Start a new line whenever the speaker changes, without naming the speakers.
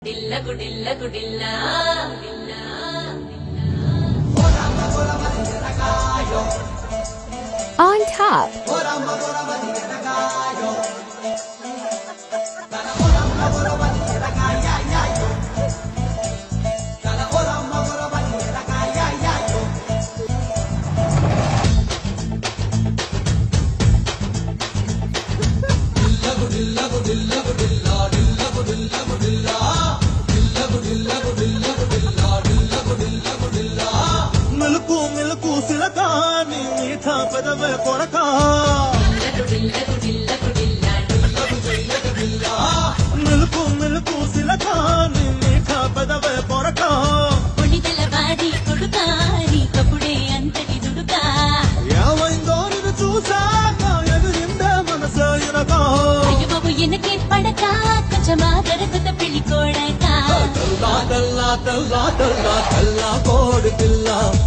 On top.
మెలకు మెలకు సిలకాని నీ మీఠ పెదవే కొరక
మెలకు మెలకు సిలకాని నీ మీఠ పెదవే కొరక తల్లా తల్లా తల్లా తల్లా తల్లా కోడు పిల్లా